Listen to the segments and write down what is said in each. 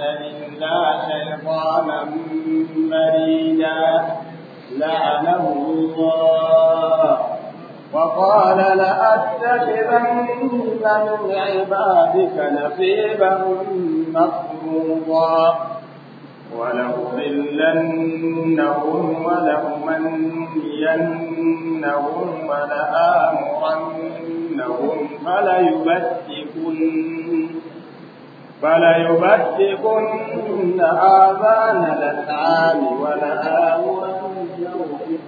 يخلقون إلا شيطانا مريدا لعنه الله وقال لأتخذن من عبادك نصيبا مفروضا ولأضلنهم ولأمنينهم ولآمرنهم فليبتكن فليبتكن آذان الأنعام ولآمرنهم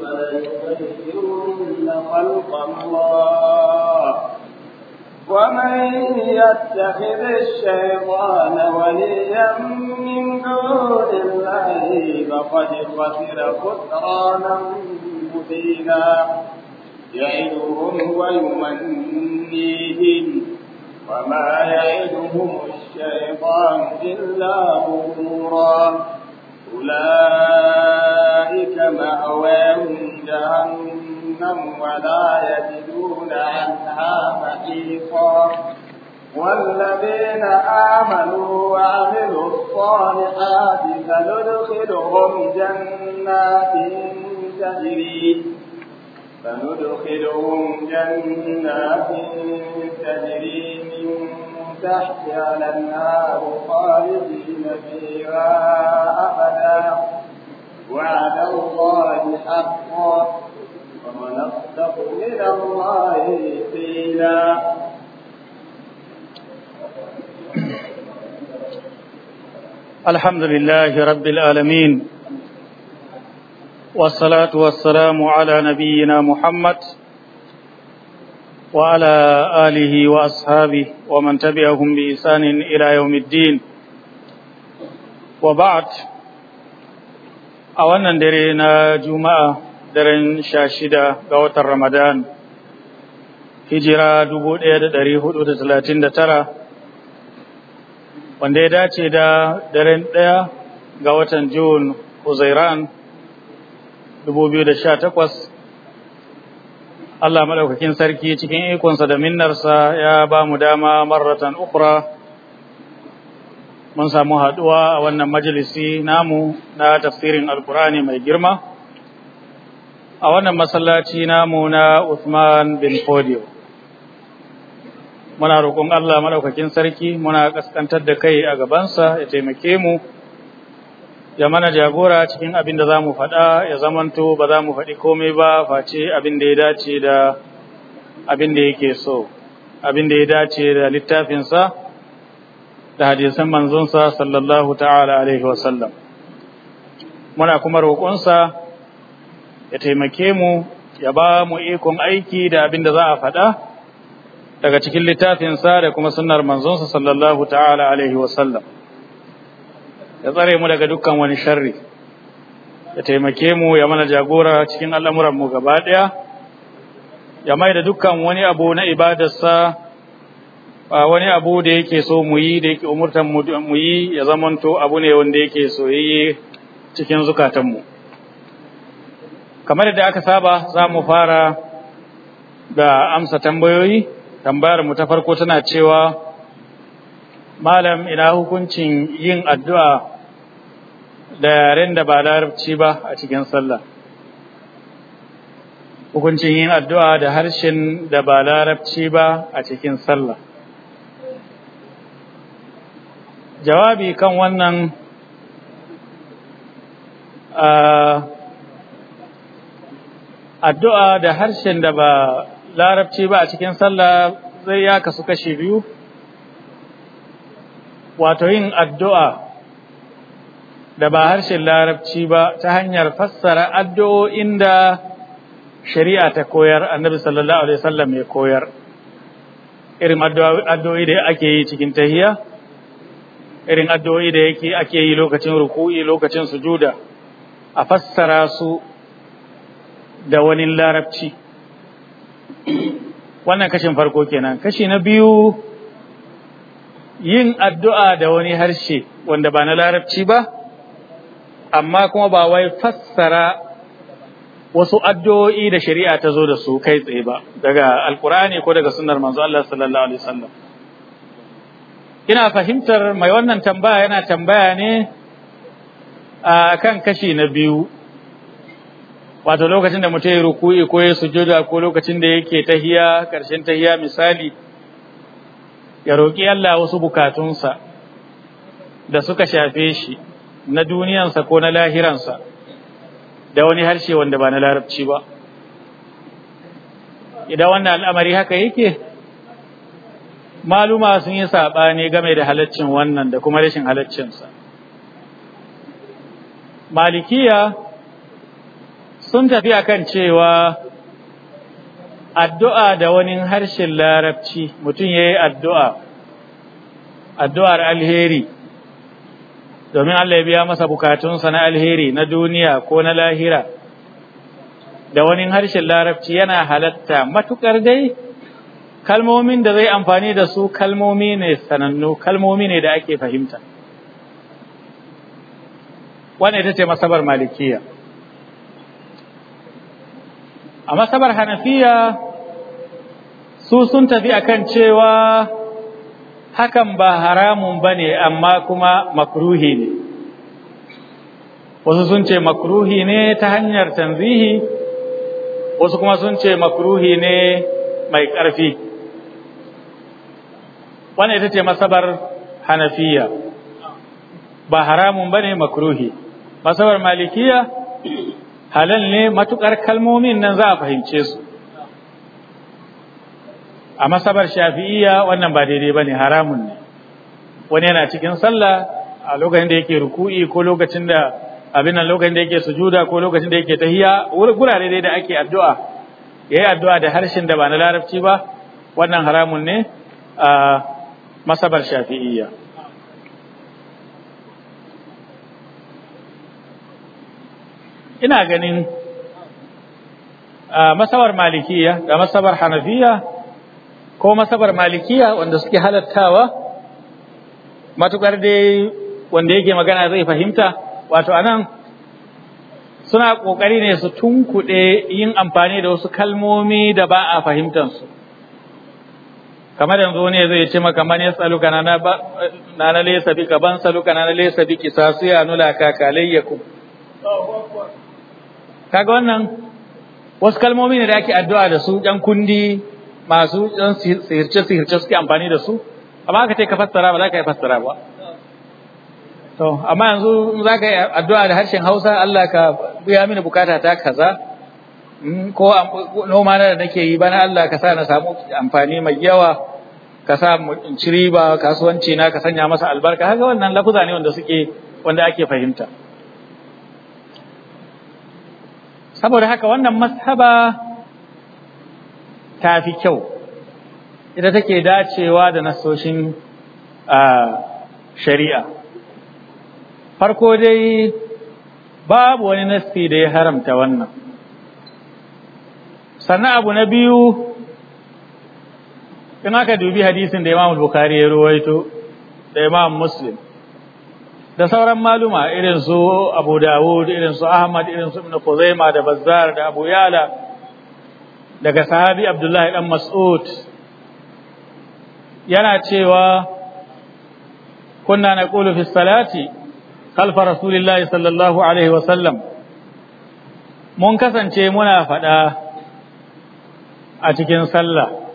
فليغيرن خلق الله ومن يتخذ الشيطان وليا من دون الله فقد خسر خسرانا مبينا يعدهم ويمنيهم وما يعدهم الشيطان إلا غرورا أولئك مأواهم جهنم ولا يجدون عنها محيصا والذين آمنوا وعملوا الصالحات فندخلهم جنات تجري فندخلهم جنات تجري من تحتها النار خالدين فيها أبدا وعد الله حقا ومن أصدق من الله قيلا الحمد لله رب العالمين والصلاة والسلام على نبينا محمد وعلى آله وأصحابه ومن تبعهم بإحسان إلى يوم الدين وبعد a wannan dare na juma'a daren sha shida ga watan ramadan hijira dubu ɗaya da ɗari hudu da talatin da tara wanda ya dace da daren ɗaya ga watan jun huzairan dubu biyu da sha takwas Allah madaukakin sarki cikin ikonsa da minnarsa ya ba mu dama marratan ukra mun samu haduwa a wannan majalisi namu na tafsirin alkurani mai girma a wannan masallaci namu na Uthman bin Fodio muna roƙon Allah madaukakin sarki muna kaskantar da kai a gabansa ya taimake mu ya mana jagora cikin abin da za mu faɗa ya zamanto ba za mu faɗi komai ba face abin da ya dace da abin da yake so abin da ya dace da littafinsa da hadisan manzonsa sallallahu ta'ala alaihi wasallam muna kuma roƙonsa ya taimake mu ya ba mu ikon aiki da abin da za a faɗa daga cikin littafinsa da kuma sunnar manzonsa sallallahu ta'ala alaihi wasallam ya tsare mu daga dukkan wani sharri ya taimake mu ya mana jagora cikin al'amuran mu gaba ɗaya ya mai da dukkan wani abu na ibadarsa ba wani abu da yake so mu yi da yake umurtan mu yi ya zamanto abu ne wanda yake soyayye cikin zukatanmu kamar da aka saba za mu fara da amsa tambayoyi tambayar mu ta farko tana cewa malam ina hukuncin yin addu'a da yaren da ba larabci ba a cikin sallah hukuncin yin addu'a da harshen da ba larabci ba a cikin sallah jawabi kan wannan addu'a da harshen da ba larabci ba a cikin sallah zai ya kasu kashi biyu wato yin addu'a da ba harshen larabci ba ta hanyar fassara addu'o'in da shari'a ta koyar annabi sallallahu alaihi wasallam ya koyar irin addu'o'i da ake yi cikin tahiya, irin addu'o'i da yake ake yi lokacin ruku'i lokacin sujuda a fassara su da wani larabci wannan kashin farko kenan kashi na biyu yin addu'a da wani harshe wanda ba na larabci ba amma kuma ba wai fassara wasu addu'o'i da shari'a ta zo da su kai tsaye ba daga alkurani ko daga sunnar manzo Allah sallallahu alaihi wasallam ina fahimtar mai wannan tambaya yana tambaya ne a kan kashi na biyu wato lokacin da mutum ya ruku'i ko ya sujuda ko lokacin da yake tahiya karshen tahiya misali ya roƙi Allah wasu bukatunsa da suka shafe shi na duniyansa ko na lahiransa da wani harshe wanda ba na larabci ba idan wannan al'amari haka yake maluma sun yi saɓani game da halaccin wannan da kuma rashin halaccinsa malikiya sun tafi akan cewa addu'a da wani harshen larabci mutum ya yi addu'a addu'ar alheri domin Allah ya biya masa bukatunsa na alheri na duniya ko na lahira da wani harshen larabci yana halatta matukar dai kalmomin da zai amfani da su kalmomi ne sanannu kalmomi ne da ake fahimta wannan ita ce masabar malikiya a masabar hanafiya su sun tafi akan cewa hakan ba haramun ba ne amma kuma makruhi ne wasu sun ce makruhi ne ta hanyar tanzihi wasu kuma sun ce makruhi ne mai ƙarfi wane ita ce masabar hanafiya ba haramun ba ne makruhi masabar malikiya halal ne matuƙar kalmomin nan za a fahimce su a masabar shafi'iyya wannan ba daidai bane haramun ne wani yana cikin sallah a lokacin da yake ruku'i ko lokacin da abin nan lokacin da yake sujuda ko lokacin da yake tahiyya gurare dai da ake addu'a yayi addu'a da harshen da ba na larabci ba wannan haramun ne a masabar shafi'iyya ina ganin a masabar malikiyya da masabar hanafiyya ko masabar malikiya wanda suke halattawa matukar dai wanda yake magana zai fahimta wato anan suna ƙoƙari ne su tunkuɗe yin amfani da wasu kalmomi da ba a fahimtansu kamar yanzu ne zai ce maka man yasaluka na na laysa ka ban saluka na bi ki sasu ya nula ka kalayyakum kaga wannan wasu kalmomi ne da ake addu'a da su ɗan kundi masu ɗan sihirce-sihirce suke amfani da su amma ka ce ka fassara ba za ka yi fassara ba to amma yanzu in za ka yi addu'a da harshen hausa Allah ka biya mini bukata ta kaza ko noma na da nake yi bana Allah ka sa na samu amfani mai yawa ka sa in ci riba kasuwanci na ka sanya masa albarka haka wannan lafuza ne wanda suke wanda ake fahimta saboda haka wannan mashaba ta fi kyau ita take dacewa da nasoshin shari'a farko dai babu wani nasti da ya haramta wannan sannan abu na biyu in aka dubi hadisin da imam bukari ya ruwaito da imam muslim da sauran maluma irin su abu dawud irin su ahmad irin su ibn kuzaima da bazzar da abu yala daga sahabi Abdullahi dan Mas'ud yana cewa kunna naqulu fi salati khalfa rasulillahi sallallahu alaihi wa sallam mun kasance muna fada a cikin sallah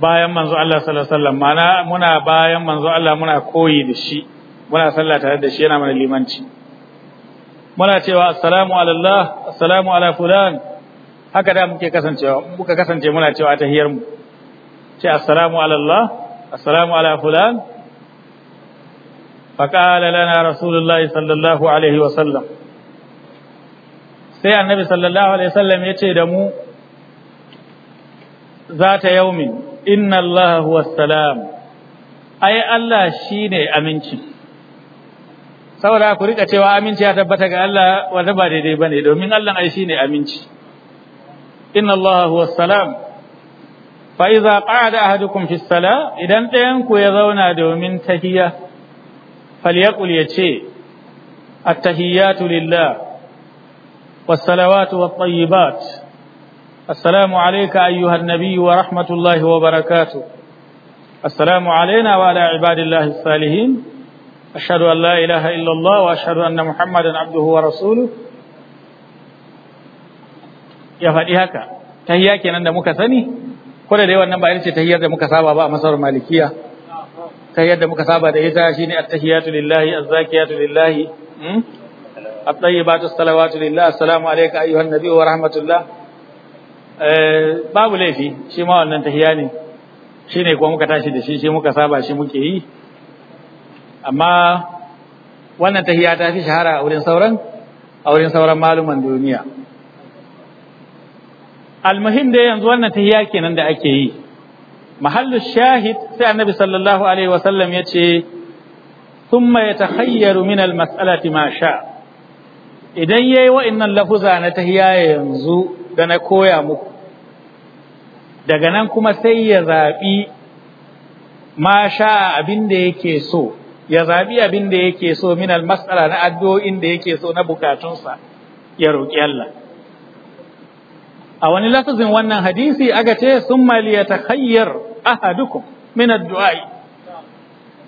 bayan manzo Allah sallallahu alaihi sallam mana muna bayan manzo Allah muna koyi da shi muna sallah tare da shi yana mana limanci muna cewa assalamu alallah assalamu ala fulan haka da muke kasancewa muka kasance muna cewa ta hiyar mu ce assalamu ala Allah assalamu ala fulan فقال لنا رسول sallallahu alaihi wa sallam. sai annabi sallallahu alaihi wasallam yace da mu zata yaumin inna allaha huwa salam ai Allah shine aminci saboda ku rika cewa aminci ya tabbata ga Allah wanda ba daidai bane domin Allah ai shine aminci إن الله هو السلام فإذا قعد أحدكم في الصلاة إذا انتينكو يضونا من تهية فليقل يتشي التهيات لله والصلوات والطيبات السلام عليك أيها النبي ورحمة الله وبركاته السلام علينا وعلى عباد الله الصالحين أشهد أن لا إله إلا الله وأشهد أن محمدا عبده ورسوله ya faɗi haka tahiyya kenan da muka sani ko da dai wannan ba ita ce tahiyyar da muka saba ba a masar malikiya tahiyyar da muka saba da ita shine at-tahiyatu lillahi az-zakiyatu lillahi hmm? at-tayyibatu as-salawatu lillahi assalamu alayka ayyuhan nabi wa rahmatullah eh, babu laifi shi ma wannan tahiyya ne shine kuma muka tashi da shi shi muka saba shi muke yi amma wannan tahiyya ta fi shahara a wurin sauran a wurin sauran maluman duniya almuhim da yanzu wannan tahiya kenan da ake yi mahallu shahid sai annabi sallallahu alaihi wasallam ya ce thumma yatakhayyaru min almas'alati ma sha idan yayi wa'annan lafuza na tahiya yanzu da na koya muku daga nan kuma sai ya zabi ma sha abin da yake so ya zabi abin da yake so min almas'ala na addu'o'in da yake so na bukatunsa ya roki Allah a wani lafazin wannan hadisi Aga ce sun khayyar ahadukum min addu'ai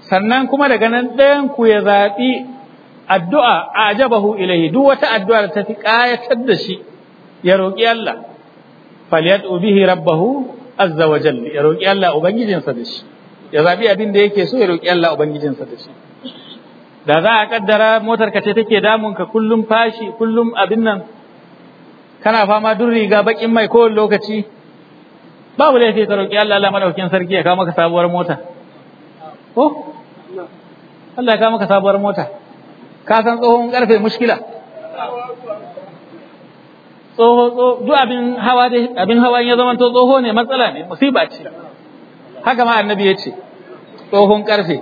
sannan kuma daga nan ɗayan ku ya zaɓi addu'a a ajabahu ilaihi duk wata addu'a da ta fi ƙayatar da shi ya roƙi Allah falyad'u bihi rabbahu azza wa jalla ya roƙi Allah ubangijinsa da shi ya zaɓi abin da yake so ya roƙi Allah ubangijinsa da shi da za a kaddara motar ka ce take damun ka kullum fashi kullum abin nan kana fama dun riga bakin mai kowane lokaci babu laifi ka roƙi Allah Allah madaukin sarki ya kawo maka sabuwar mota ko Allah ya kawo maka sabuwar mota ka san tsohon karfe mushkila tsoho duk abin hawa dai abin hawa ya zama to tsoho ne matsala ne musiba ce haka ma annabi ya ce tsohon karfe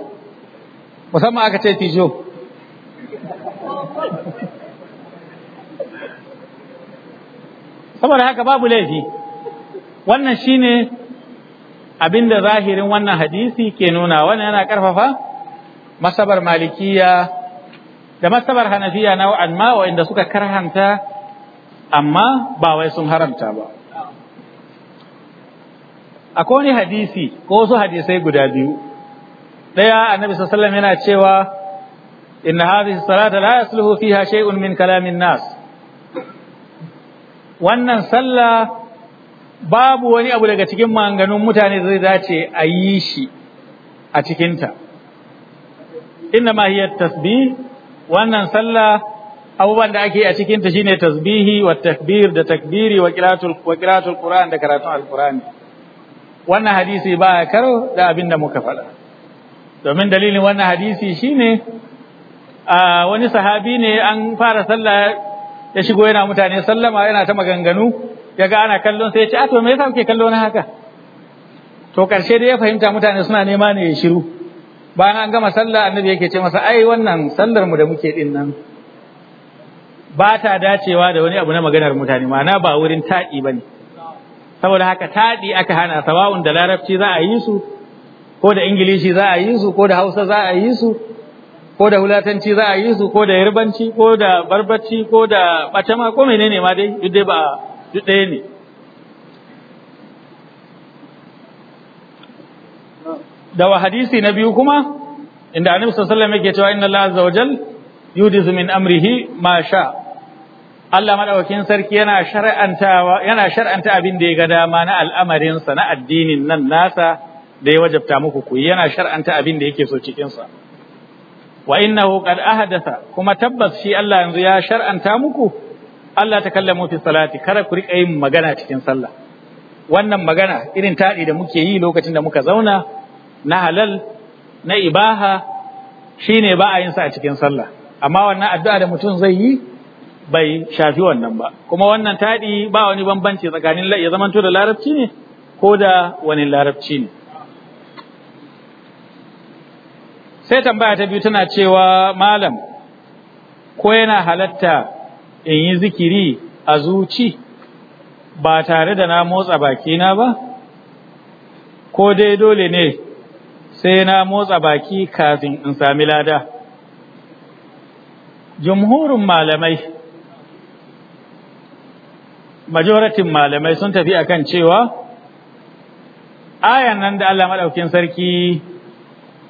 musamman aka ce tijo saboda haka babu laifi wannan shine abinda zahirin wannan hadisi ke nuna wannan yana karfafa masabar malikiya da masabar hanafiya nau'an ma wa'inda suka karhanta amma ba wai sun haramta ba akwai wani hadisi ko wasu hadisai guda biyu ɗaya annabi sallallahu yana cewa inna hadhihi salata la yasluhu fiha shay'un min kalamin nas wannan sallah babu wani abu daga cikin maganganun mutane zai dace a yi shi a cikinta inna ma hiya tasbih wannan sallah abubuwan da ake a cikinta shine tasbihi wa takbir da takbiri wa qiratul wa qiratul qur'an da karatun alqur'ani wannan hadisi ba karo da abin da muka faɗa domin dalilin wannan hadisi shine a wani sahabi ne an fara sallah ya shigo yana mutane sallama yana ta maganganu ya ga ana kallon sai ya ce a ah, to me yasa kuke kallo na haka to karshe dai ya fahimta mutane suna nema ne ya shiru bayan an gama sallah annabi yake ce masa ai wannan sallar mu da muke din nan ba ta dacewa da wani abu na maganar mutane ma'ana ba wurin taɗi ba ne saboda haka taɗi aka hana sawa'un da larabci za a yi su ko da ingilishi za a yi su ko da hausa za a yi su ko da hulatanci za a yi su ko da yarbanci ko da barbaci ko da ma ko menene ma dai duk dai ba duk ɗaya ne da wa hadisi na biyu kuma inda annabi sallallahu alaihi wasallam yake cewa inna allaha azza wajal yudizu min amrihi ma sha Allah madaukakin sarki yana shar'antawa yana shar'anta abin da ya ga dama na al'amarin sa na addinin nan nasa da ya wajabta muku ku yana shar'anta abin da yake so cikin sa wa innahu qad ahadatha kuma tabbas shi Allah yanzu ya shar'anta muku Allah ta kallamu fi salati kada ku rika yin magana cikin sallah wannan magana irin taɗi da muke yi lokacin da muka zauna na halal na ibaha shine ba a yin sa a cikin sallah amma wannan addu'a da mutum zai yi bai shafi wannan ba kuma wannan taɗi ba wani bambanci tsakanin ya zamanto da larabci ne ko da wani larabci ne sai tambaya ta biyu tana cewa malam ko yana halatta in yi zikiri a zuci ba tare da na motsa bakina ba ko dai dole ne sai na motsa baki kafin in sami lada jumhurin malamai majoratin malamai sun tafi akan cewa ayan nan da Allah maɗaukin sarki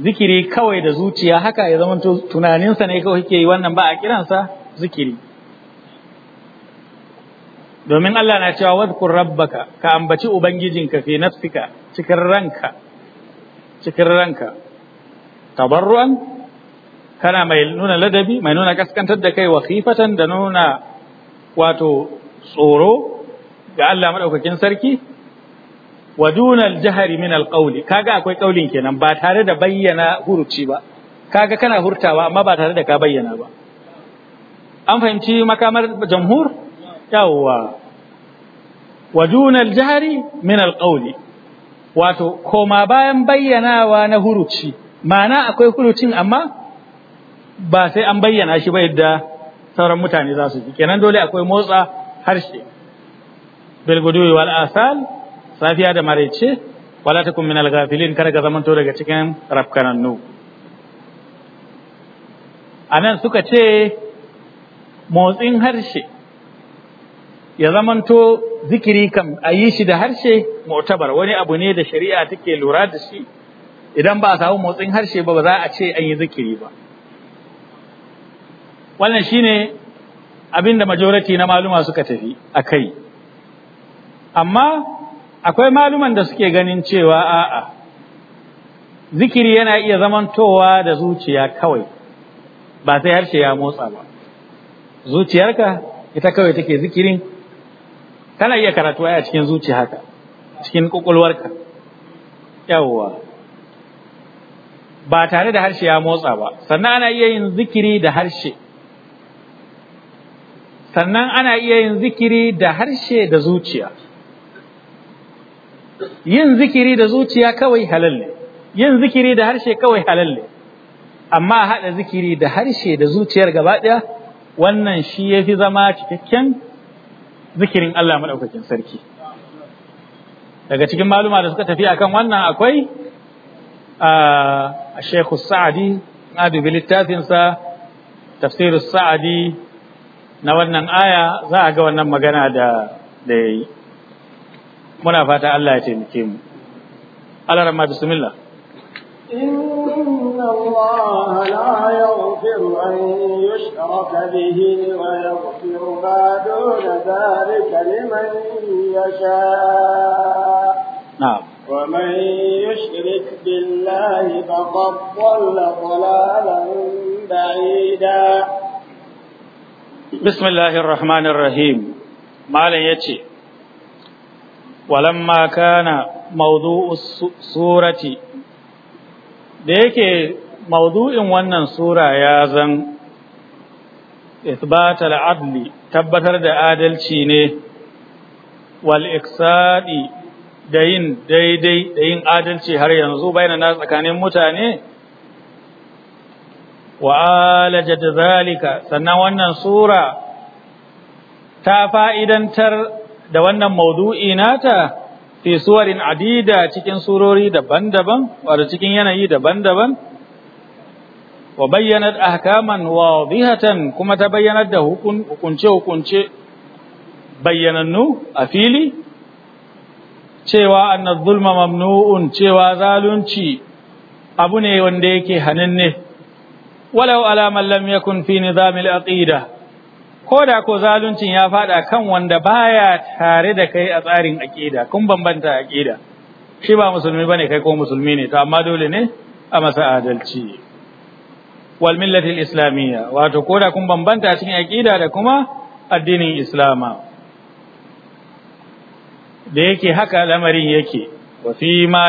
zikiri kawai da zuciya haka ya zama tunaninsa ne kawai yake yi wannan ba a kiransa zikiri domin Allah na cewa wadkur rabbaka ka ambaci ubangijinka fi nafsika cikin ranka cikin ranka tabarruan kana mai nuna ladabi mai nuna kaskantar da kai wa da nuna wato tsoro ga Allah madaukakin sarki wa dunal jahari min alqawli kaga akwai kaulin kenan ba tare da bayyana huruci ba kaga kana hurtawa amma ba tare da ka bayyana ba an fahimci makamar jamhur yawwa wa dunal jahari min alqawli wato koma bayan bayyanawa na huruci ma'ana akwai hurucin amma ba sai an bayyana shi ba yadda sauran mutane za su ji kenan dole akwai motsa harshe bil guduwi wal asal safiya da maraice wala kun minal ghafilin ka zamanto daga cikin rafkanannu anan suka ce motsin harshe ya zamanto zikiri kam a yi shi da harshe motabar wani abu ne da shari'a take lura da shi idan ba a samu motsin harshe ba za a ce an yi zikiri ba wannan shine abinda da majority na maluma suka tafi a kai amma akwai maluman da suke ganin cewa a'a zikiri yana iya zamantowa da zuciya kawai ba sai harshe ya motsa ba zuciyarka ita kawai take zikirin kana iya karatu a cikin zuciya haka cikin kokolwarka yawwa ba tare da harshe ya motsa ba sannan ana iya yin zikiri da harshe sannan ana iya yin zikiri da harshe da zuciya yin zikiri da zuciya kawai halal ne yin zikiri da harshe kawai halal ne amma haɗa zikiri da harshe da zuciyar gaba ɗaya wannan shi ya fi zama cikakken zikirin Allah maɗaukakin sarki daga cikin maluma da suka tafi akan wannan akwai a shekhu sa'adi na dubi littafinsa tafsirus sa'adi na wannan aya za a ga wannan magana da da ya yi muna fata Allah ya taimake mu Allah rahma bismillah إن الله لا يغفر أن يشرك به ويغفر ما دون ذلك لمن يشاء نعم ومن يشرك بالله فقد ضل ضلالا بعيدا بسم الله الرحمن الرحيم ما يتي walamma kana mawdu'u surati da yake mawdu'in wannan sura ya zan ithbatal adli tabbatar da adalci ne wal iksaɗi da yin daidai da yin adalci har yanzu bayan na tsakanin mutane wa alajat zalika sannan wannan sura ta fa'idantar da wannan maudu'i nata fi suwarin adida cikin surori daban-daban wato cikin yanayi daban-daban wa bayyanat ahkaman wadihatan kuma ta bayyanar da hukunce hukunce bayyanannu a fili cewa annaz zulma mamnu'un cewa zalunci abu ne wanda yake hananne walau ala lam yakun fi nizamil aqida ko da ko zaluncin ya faɗa kan wanda baya tare da kai a tsarin aƙida kun bambanta aƙida shi ba musulmi ne kai ko musulmi ne to amma dole ne a masa adalci wal millati islamiyya wato ko da kun bambanta a cikin aƙida da kuma addinin islama da yake haka lamarin yake wa fi ma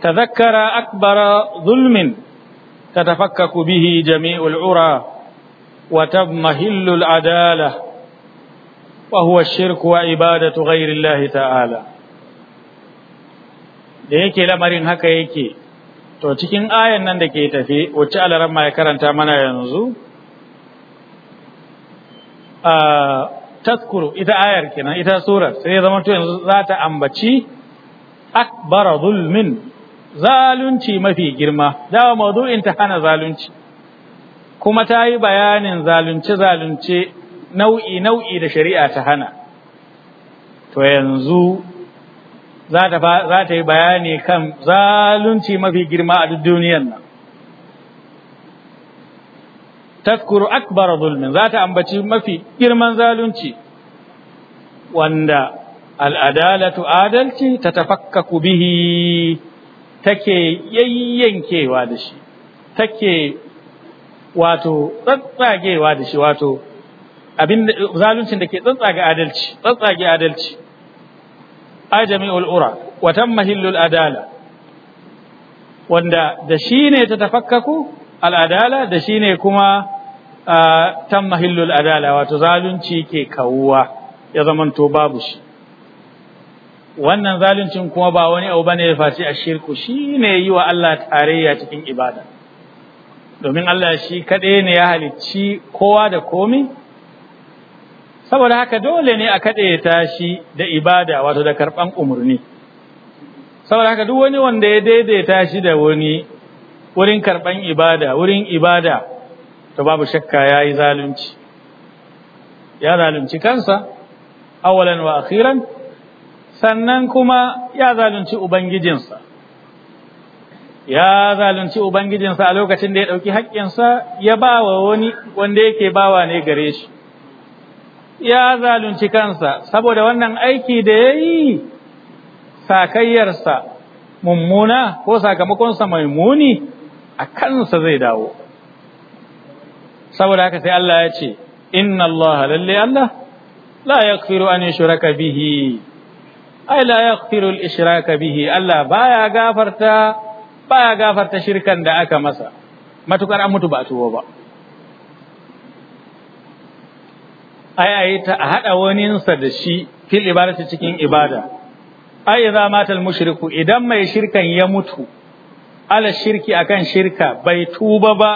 Ta zakkara akbara zulmin tatafakkaku bihi jami'ul ura وتضمهل العدالة وهو الشرك وعبادة غير الله ta'ala. da yake lamarin haka yake to cikin ayan nan da ke tafe wacce alaran ma ya karanta mana yanzu a taskuru ita ayar kenan ita surar sai ya zama to yanzu za ta ambaci akbara zulmin zalunci mafi girma dawa mawdu'in ta hana zalunci kuma ta yi bayanin zalunce-zalunce nau'i-nau'i da shari'a ta hana. To yanzu za ta yi bayani kan zalunci mafi girma a duk duniyan nan. Tazkuru akbar zulmin za ta ambaci mafi girman zalunci wanda al'adalatu adalci ta tafakkaku bihi take yayyankewa da shi, take wato tsatsagewa da shi wato abin zaluncin da ke tsatsage adalci tsatsage adalci ajami'ul ura wa tammahillul adala wanda da shi ne ta tafakkaku al'adala da shi ne kuma tammahillul adala wato zalunci ke kawuwa ya zamanto babu shi wannan zaluncin kuma ba wani abu bane ya faci a shirku shi ne yi wa Allah tarayya cikin ibada domin Allah shi kaɗai ne ya halicci kowa da komi saboda haka dole ne a kaɗe shi da ibada wato da karɓan umarni saboda haka duk wani wanda ya daidaita shi da wani wurin karɓan ibada wurin ibada to babu shakka ya yi zalunci ya zalunci kansa awalan wa akhiran sannan kuma ya zalunci ubangijinsa ya zalunci ubangijinsa a lokacin da ya ɗauki haƙƙinsa ya ba wa wani wanda yake bawa ne gare shi ya zalunci kansa saboda wannan aiki da ya yi sakayyarsa mummuna ko sakamakonsa mai muni a kansa zai dawo saboda haka sai Allah ya ce inna Allah lalle Allah la yaghfiru an yushraka bihi ai la yaghfiru al-ishraka bihi Allah baya gafarta baya gafarta shirkan da aka masa matukar an mutu ba tuwo ba ai ta hada waninsa da shi fil ibadati cikin ibada ai za mata al mushriku idan mai shirkan ya mutu ala shirki akan shirka bai tuba ba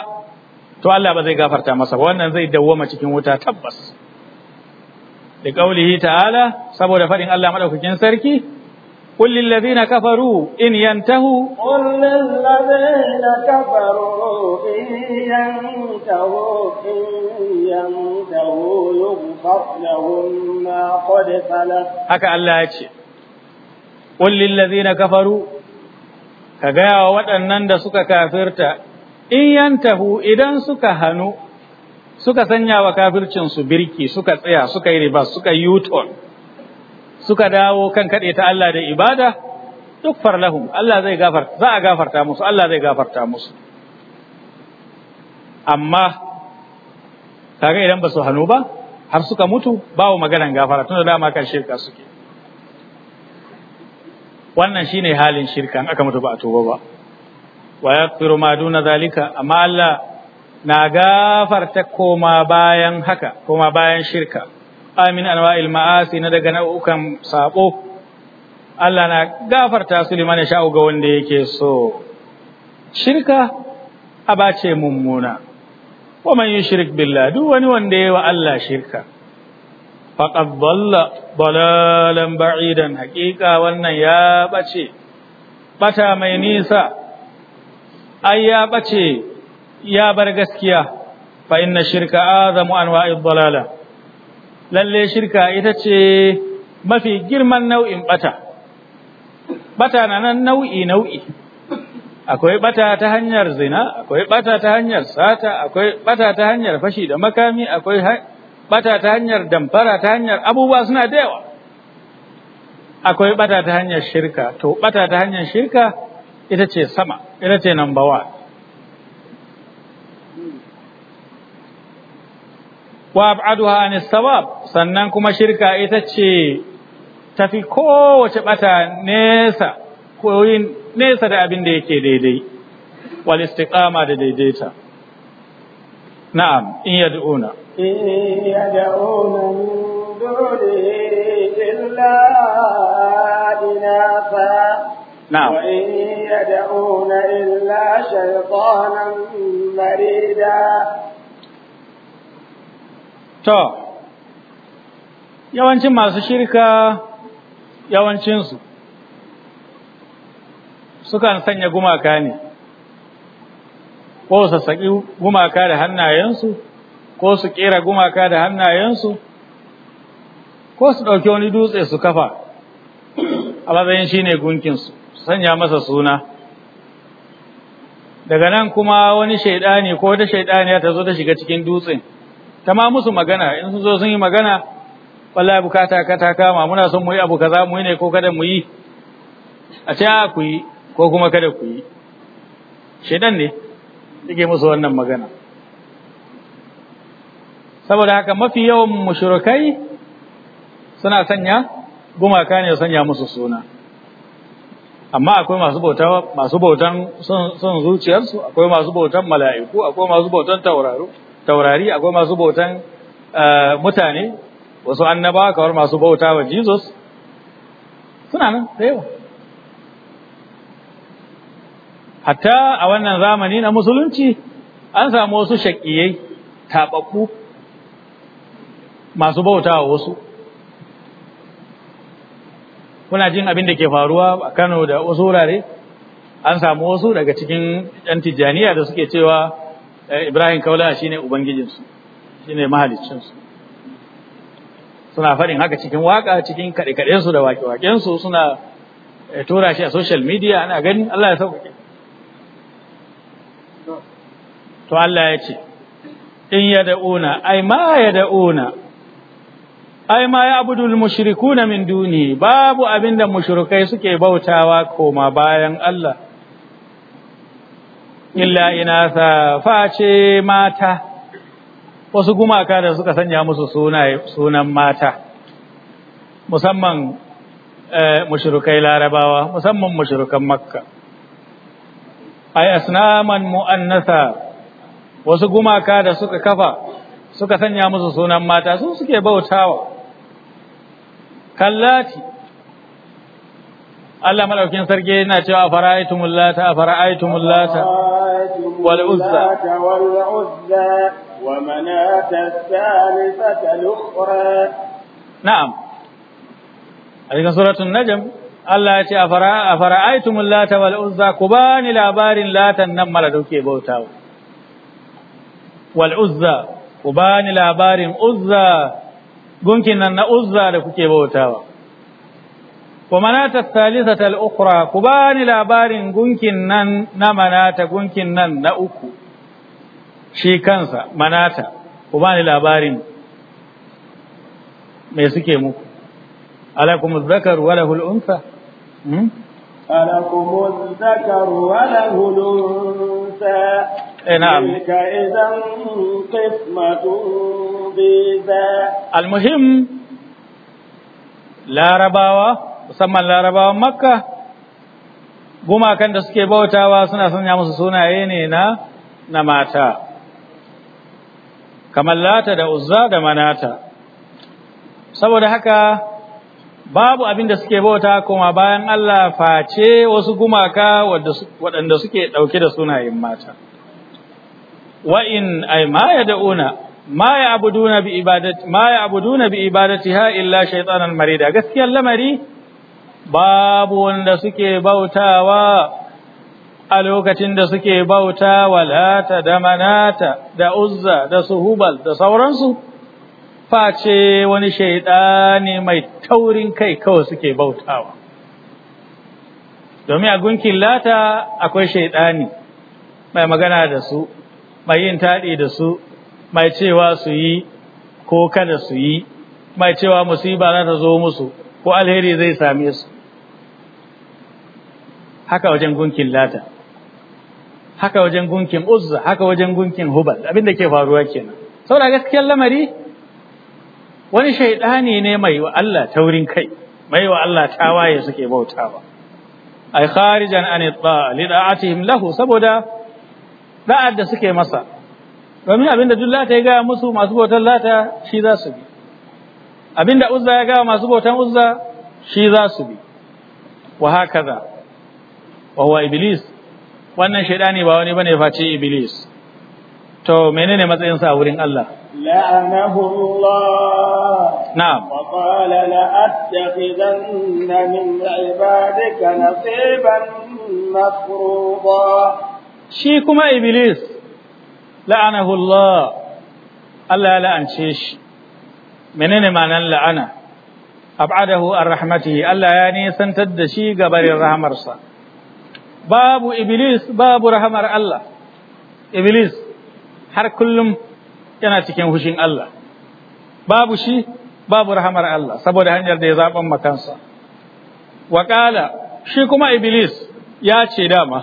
to Allah ba zai gafarta masa wannan zai dawwama cikin wuta tabbas da kaulihi ta'ala saboda fadin Allah madaukakin sarki قل للذين كفروا إن ينتهوا قل للذين كفروا إن ينتهوا إن ينتهوا يغفر لهم ما قد فلت هكا الله يتشي قل للذين كفروا كجاء نند سكا كافرتا إن ينتهوا إذا سكا هنو سكا سنيا وكافرتشن سبريكي سكا تيا سكا يريبا سكا يوتون suka dawo kan kaɗe ta Allah da ibada duk farlahu Allah zai gafarta za a gafarta musu Allah zai gafarta musu amma kaga idan ba su hanu ba har suka mutu bawo maganan gafara tun da dama kan shirka suke wannan shine halin shirka an aka mutu ba a tuba ba wa yaqfiru ma duna zalika amma Allah na gafarta koma bayan haka koma bayan shirka amin anwa'il ma'asi na daga nau'ukan sabo Allah na gafarta su liman sha'u ga wanda yake so shirka abace mummuna wa man yushrik billahi duk wani wanda yayi wa Allah shirka faqad dhalla dalalan ba'idan haqiqa wannan ya bace bata mai nisa ai ya bace ya bar gaskiya fa inna shirka azamu anwa'id dalala lalle shirka ita ce mafi girman nau'in bata bata na nan nau'i nau'i akwai bata ta hanyar zina akwai bata ta hanyar sata akwai bata ta hanyar fashi da makami akwai bata ta hanyar damfara ta hanyar abubuwa suna da yawa akwai bata ta hanyar shirka to bata ta hanyar shirka ita ce sama ita ce number one. wa ab'aduha anis sawab sannan kuma shirka ita ce tafi kowace bata nesa koyin nesa da abin da yake daidai wal istiqama da daidaita na'am in yad'una in yad'una min dunihi illa inafa na'am wa in yad'una illa shaytanan marida to yawancin masu shirka yawancinsu sukan sanya gumaka ne ko su saki gumaka da hannayensu ko su kera gumaka da hannayensu ko su ɗauki wani dutse su kafa a matsayin shi ne gunkinsu su sanya masa suna daga nan kuma wani shaiɗani ko wata shaiɗaniya ta zo ta shiga cikin dutsen ta ma musu magana in sun zo sun yi magana wallahi bukata ka ta kama muna son mu yi abu kaza mu yi ne ko kada mu yi a ce ah, ku yi ko kuma kada ku yi shedan ne yake musu wannan magana saboda haka mafi yawan mushrikai suna sanya gumaka ne sanya musu suna amma akwai masu bautan masu bautan son zuciyarsu akwai masu bautan mala'iku akwai masu bautan tauraro taurari akwai masu bautan eh, mutane wasu annabawa kawar masu bauta wa Jesus suna nan da yawa hatta a wannan zamani na musulunci an samu wasu shaƙiyai taɓaɓɓu masu bauta wa wasu kuna jin abin da ke faruwa a Kano da wasu wurare an samu wasu daga cikin 'yan Tijjaniya da suke cewa Eh, Ibrahim Kaula ne ubangijinsu shi ne mahaliccinsu suna faɗin haka cikin waƙa, cikin kaɗe kaɗensu da waƙe waƙensu suna eh, tura shi a social media ana gani, Allah ya sauƙaƙe to Allah ya ce in ya da'una ai ma ya da'una ai ma ya abudul na min duni babu abin da mushrikai suke bautawa koma bayan Allah illa inasa face mata wasu gumaka da suka sanya musu sunan mata musamman eh, mushrikai larabawa musamman mushrikan makka ay asnaman mu'annasa wasu gumaka da suka kafa suka sanya musu sunan mata su suke bautawa kallati Allah malaukin sarki yana cewa afara'aytumul lata afara'aytumul lata والعزى والعزى ومناة الثالثة الأخرى نعم أذكر سورة النجم Allah ce a fara'aitum lata wal ku bani labarin latan nan mara dauke bautawa wal ku bani labarin uzza gunkin nan na uzza da kuke bautawa wa manata thalithata al-ukhra ku bani labarin gunkin nan na manata gunkin nan na uku shi kansa manata ku bani labarin me suke muku alakum نعم تلك إذا قسمة ضيزى المهم لا رباوة musamman larabawan makka gumakan da suke bautawa suna sanya musu sunaye ne na na mata kamar lata da uzza da manata saboda haka babu abin da suke bauta kuma bayan Allah face wasu gumaka waɗanda suke ɗauke da sunayen mata Wa in, ai ma ya da'una ma ya abuduna bi ibadati ma ya abuduna bi ibadatiha illa shaytanan marida gaskiyar lamari babu wanda suke bautawa a lokacin da suke bauta walata da manata da uzza da suhubal da sauransu face wani shaidani mai taurin kai kawai suke bautawa domin a gunkin lata akwai shaidani mai magana da su mai yin taɗi da su mai cewa su yi ko kada su yi mai cewa musiba za ta zo musu ko alheri zai same su haka wajen gunkin lata haka wajen gunkin uzza haka wajen gunkin hubal abinda ke faruwa kenan saboda gaskiyar lamari wani shaidani ne mai wa Allah taurin kai mai wa Allah tawaye suke bautawa ai kharijan an itta'a li da'atihim lahu saboda da'ar da suke masa domin abinda da lata ya ga musu masu bautan lata shi za su bi abinda uzza ya ga masu bautan uzza shi za su bi wa hakaza wa huwa iblis wannan shaydani ba wani bane face iblis to menene matsayinsa a wurin Allah la'anahu Allah na'am wa qala la attakhidanna min ibadika nasiban mafruḍa shi kuma iblis la'anahu Allah Allah ya la'ance shi menene ma'anar la'ana ab'adahu ar rahmatihi Allah ya nisantar da shi gabarin rahmarsa babu iblis babu rahamar Allah iblis har kullum yana cikin hushin Allah babu shi babu rahamar Allah saboda hanyar da ya zaben makansa wa shi kuma iblis ya ce dama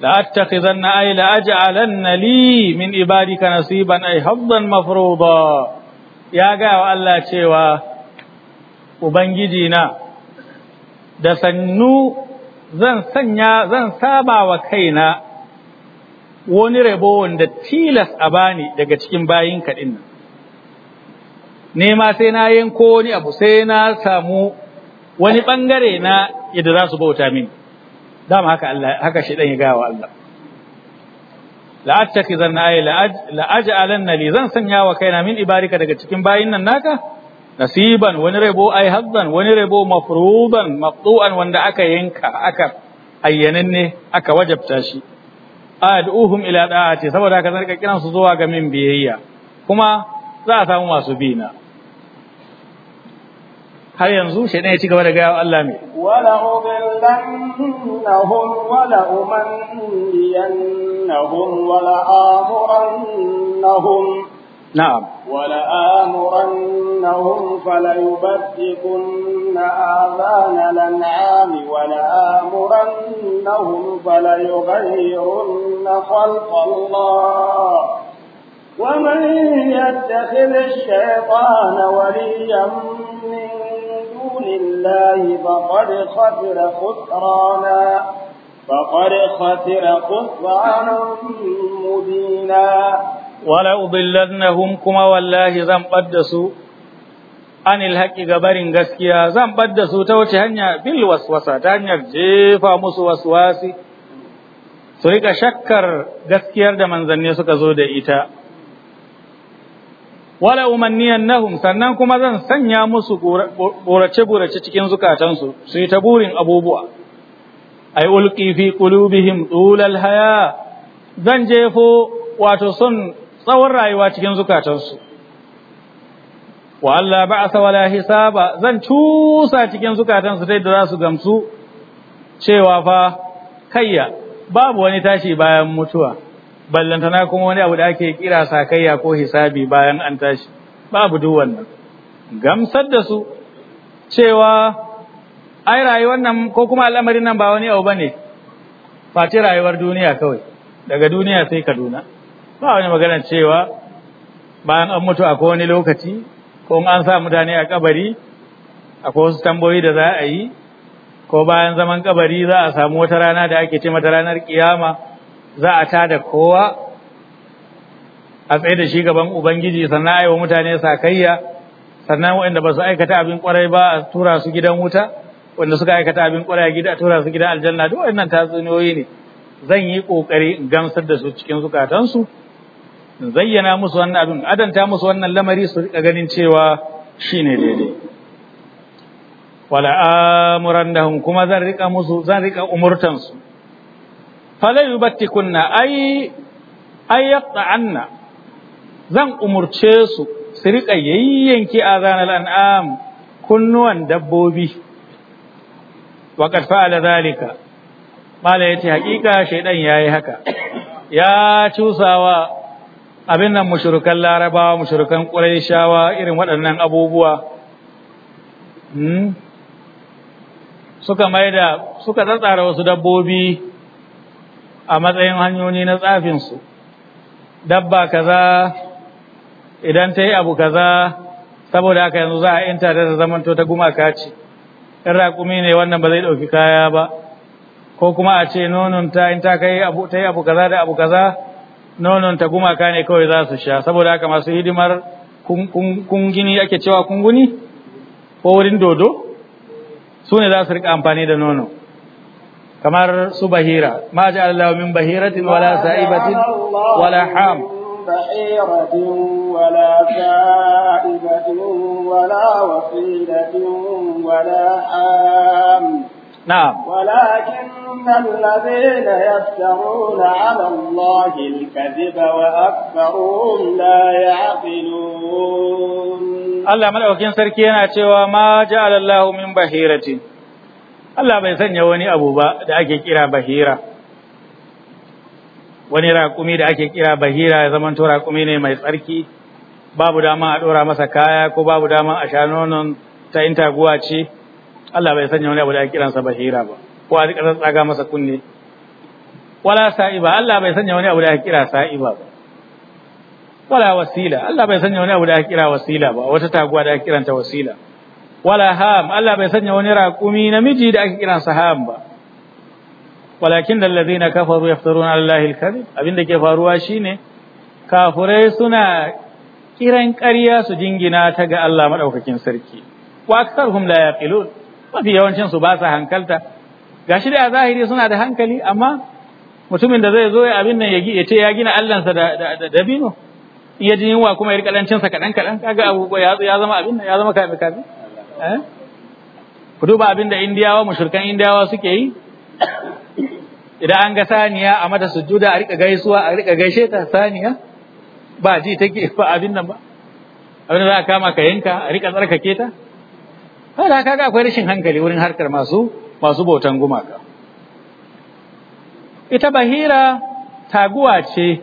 la attakhizanna ay la aj'alanna li min ibadika nasiban ay haddan ya ga wa Allah cewa ubangiji na da sannu zan sanya zan saba wa kaina wani rabo wanda tilas a bani daga cikin bayin kaɗin nan nema sai na yanko wani abu sai na samu wani ɓangare na yadda za su bauta mini dama haka Allah haka shi dan ya gawa Allah la'attakhizanna ay la'aj'alanna li zan sanya wa kaina min ibarika daga cikin bayin nan naka nasiban wani rabo ai hazzan wani rabo mafruban maqtu'an wanda aka yanka aka ne aka wajabta shi ad'uhum ila da'ati saboda ka zarka kiran su zuwa ga min biyayya kuma za a samu masu bina har yanzu ne ya ci gaba da gaya wa Allah mai wala ubillannahum wala umanniyannahum wala amurannahum نعم ولآمرنهم فليبتكن آذان الأنعام ولآمرنهم فليغيرن خلق الله ومن يتخذ الشيطان وليا من دون الله فقد خسر خسرانا فقد خسر خسرانا مبينا wala udillannahum kuma wallahi zan badda su anil haqqi gabarin gaskiya zan badda su ta wace hanya bil waswasa ta hanyar jefa musu waswasi su rika shakkar gaskiyar da manzanni suka zo da ita wala umanniyannahum sannan kuma zan sanya musu burace burace cikin zukatansu su yi ta burin abubuwa ay ulqi fi qulubihim ulal haya zan jefo wato sun tsawon rayuwa cikin zukatansu wa Allah ba'sa wala hisaba zan tusa cikin zukatansu dai da za su gamsu cewa fa kayya babu wani tashi bayan mutuwa ballantana kuma wani abu da ake kira kayya ko hisabi bayan an tashi babu duk wannan gamsar da su cewa ai rayuwar nan ko kuma al'amarin nan ba wani abu bane face rayuwar duniya kawai daga duniya sai Kaduna ba wani magana cewa bayan an mutu akwai wani lokaci ko an sa mutane a kabari akwai wasu tambayoyi da za a yi ko bayan zaman kabari za a samu wata rana da ake ce mata ranar kiyama za a tada kowa a tsaye da shi gaban ubangiji sannan a yi wa mutane sakayya sannan waɗanda ba su aikata abin kwarai ba a tura su gidan wuta wanda suka aikata abin kwarai a gida tura su gidan aljanna duk waɗannan tatsuniyoyi ne zan yi ƙoƙari in gamsar da su cikin zukatansu zayyana musu wannan abin adanta musu wannan lamari su rika ganin cewa shine daidai wala hun kuma zan rika musu zan rika umurtan su fala ay ay yaqta'anna zan umurce su su rika yayyanki azanal an'am kunnuwan dabbobi wa qad fa'ala dhalika mala yace hakika shaydan yayi haka ya cusawa abin nan mushrikan larabawa mushrikan ƙurayshawa irin waɗannan abubuwa hmm? suka maida suka tsatsara wasu dabbobi a matsayin hanyoyi na tsafinsu dabba kaza idan ta yi abu kaza saboda haka yanzu za a inta da zamanto ta gumaka ce in raƙumi ne wannan ba zai ɗauki kaya ba ko kuma a ce nonon ta in ta kai abu ta abu kaza da abu kaza nonon ta gumaka ne kawai za su sha saboda haka masu hidimar kungini ake cewa kunguni ko wurin dodo su ne za su rika amfani da nono kamar su bahira ma Allah min bahiratin wala sa'ibatin wala ham نعم ولكن الذين يفترون على الله الكذب وأكثرهم لا يعقلون الله ملأوكين سركينا cewa ما جعل الله من بحيرة Allah bai sanya wani abu ba da ake kira wani raƙumi da ake kira bahira ya zamanto raƙumi ne mai tsarki babu dama a ɗora masa kaya ko babu dama a sha nonon ta intaguwa ce Allah bai sanya wani abu da kiransa bahira ba ko a rika tsaga masa kunne wala sa'iba Allah bai sanya wani abu da kira sa'iba ba wala wasila Allah bai sanya wani abu da kira wasila ba wata taguwa da kiranta wasila wala ham Allah bai sanya wani raƙumi namiji da ake kiransa ham ba walakin alladhina kafaru yaftaruna ala Allahi al-kadhib abinda ke faruwa shine kafurai suna kiran ƙarya su jingina ta ga Allah madaukakin sarki wa aktsaruhum la yaqilun mafi yawancin su ba su hankalta gashi da a zahiri suna da hankali amma mutumin da zai zo ya abin nan ya ce ya gina allansa da dabino iya ya ji yunwa kuma ya rika sa kadan kaɗan kaɗan kaga abu ya ya zama abin nan ya zama kafin eh ku duba abin da indiyawa mushrikan indiyawa suke yi idan an ga saniya a mata sujuda a rika gaisuwa a rika gaishe ta saniya ba ji take ba abin nan ba abin da za a kama ka yanka a rika tsarkake ta ka kaga akwai rashin hankali wurin harkar masu masu bautan gumaka ita bahira taguwa ce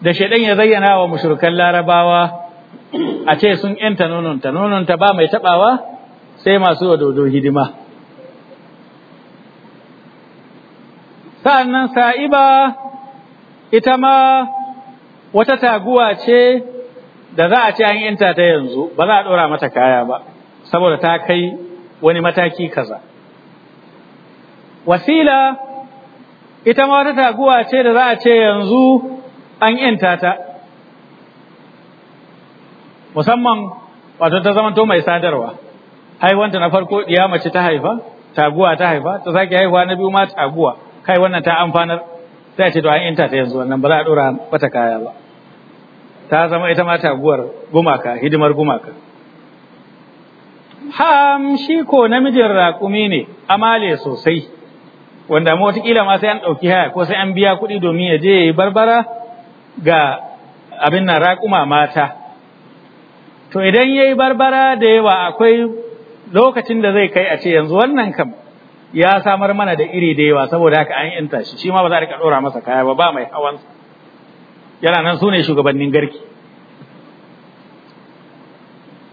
da shaidan ya zayyana wa mushrikan larabawa a ce sun yanta nononta nononta ba mai tabawa sai masu wa dodo hidima sa'annan sa'iba ita ma wata taguwa ce da za a ce an yanta ta yanzu ba za a ɗora mata kaya ba saboda ta kai wani mataki kaza wasila ita ma wata taguwa ce da za a ce yanzu an yanta ta musamman wato ta zamanto mai sadarwa haihuwanta na farko ɗiya mace ta haifa taguwa ta haifa ta sake haihuwa na biyu ma taguwa kai wannan ta amfanar sai a ce to an yanta ta yanzu wannan ba za a ɗora mata kaya ba ta zama ita ma taguwar gumaka hidimar gumaka ham shi ko namijin raƙumi ne amale sosai wanda mu watakila ma sai an ɗauki haya ko sai an biya kuɗi domin ya je ya yi barbara ga abin nan raƙuma mata to idan ya yi barbara da yawa akwai lokacin da zai kai a ce yanzu wannan kam ya samar mana da iri da yawa saboda haka an yanta shi shi ma ba za a rika ɗora masa kaya ba ba mai hawansa yana nan ne shugabannin garki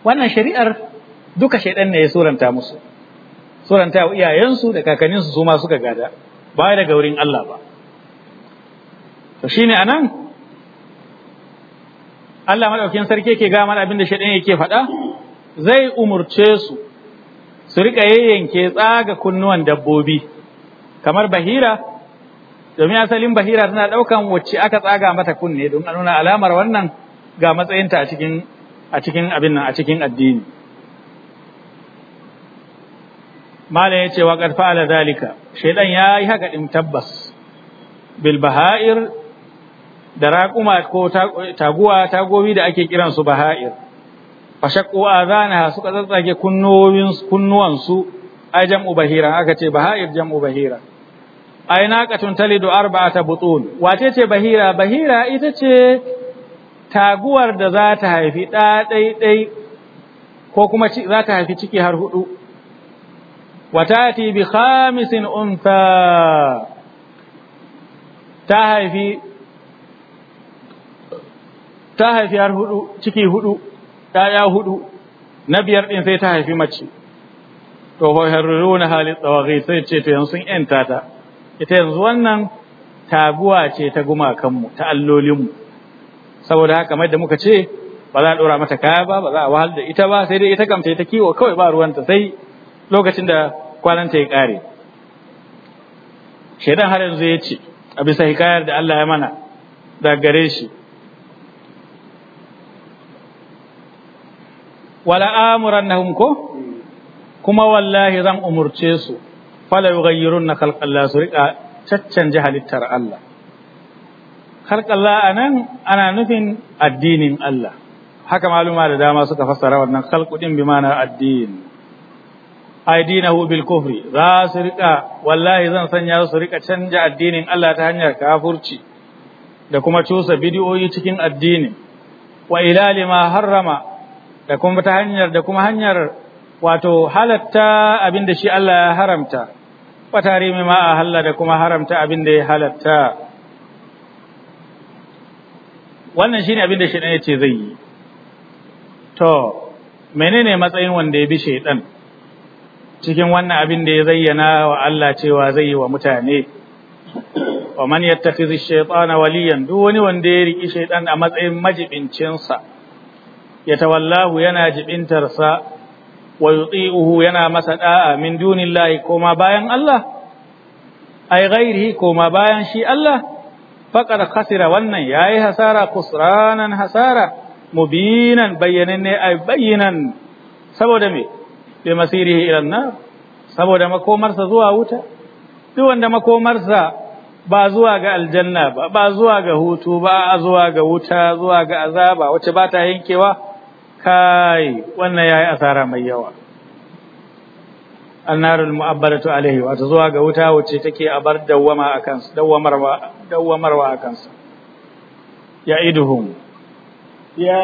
wannan shari'ar duka shaidan ne ya suranta musu suranta wa iyayensu da kakanninsu su ma suka gada ba daga wurin Allah ba to shine anan Allah madaukakin sarki yake ga mana abin da shaidan yake faɗa zai umurce su su rika yayyanke tsaga kunnuwan dabbobi kamar bahira domin asalin bahira tana ɗaukan wacce aka tsaga mata kunne domin a nuna alamar wannan ga matsayinta a cikin a cikin abin nan a cikin addini malam yace wa qad fa'ala zalika shaydan yayi haka din tabbas bil baha'ir da raquma ko taguwa tagobi da ake kiran su baha'ir fashaqqu azana suka tsatsage kunnuwan kunnuwan su ai jam'u bahira aka ce baha'ir jam'u bahira ai naqatun talidu arba'ata butun wace ce bahira bahira ita ce taguwar da za ta haifi ɗa ɗaiɗai ko kuma za ta haifi ciki har hudu ti bi khamisin unta ta haifi ta haifi har hudu ciki hudu ɗaya hudu na biyar ɗin sai ta haifi mace to fa yarruna halit tawaghi sai ce to yanzu sun yanta ta ita yanzu wannan taguwa ce ta gumakanmu ta allolinmu saboda haka mai da muka ce ba za a ɗora mata kaya ba ba za a wahal da ita ba sai dai ita kam ta kiwo kawai ba ruwanta sai lokacin da kwananta ya ƙare shaidan har yanzu ya ce a bisa hikayar da Allah ya mana da gare shi wala amurannahum ko kuma wallahi zan umurce su fala yughayyirunna kalkalla su rika caccanje halittar Allah khalqallah anan ana nufin addinin Allah haka maluma da dama suka fassara wannan khalqu din bi ma'ana addini aidinahu bil kufri za su riƙa wallahi zan sanya su rika canja addinin Allah ta hanyar kafurci da kuma cusa bidiyoyi cikin addini wa ilali ma harrama da kuma ta hanyar da kuma hanyar wato halatta abin da shi Allah ya haramta wa mai ma ahalla da kuma haramta abin da ya halatta wannan shine abin da ɗaya ce zai yi to menene matsayin wanda ya bi shaidan cikin wannan abin da ya zayyana wa Allah cewa zai yi wa mutane wa man fi ash-shaytana waliyan duk wani wanda ya riki shaidan a matsayin majibincinsa ya tawallahu yana jibintarsa wa yuti'uhu yana masa da'a min dunillahi koma bayan Allah ai ghairihi koma bayan shi Allah faqad khasira wannan yayi hasara kusranan hasara mubinan bayyanan ne ai bayyanan saboda me bi masirihi ila nar saboda makomarsa zuwa wuta duk wanda makomarsa ba zuwa ga aljanna ba ba zuwa ga hutu ba zuwa ga wuta zuwa ga azaba wacce ba ta yankewa kai wannan yayi asara mai yawa annarul mu'abbalatu alaihi wata zuwa ga wuta wacce take a bar dawwama akan su dawwamarwa dawwamarwa akan su ya iduhum wa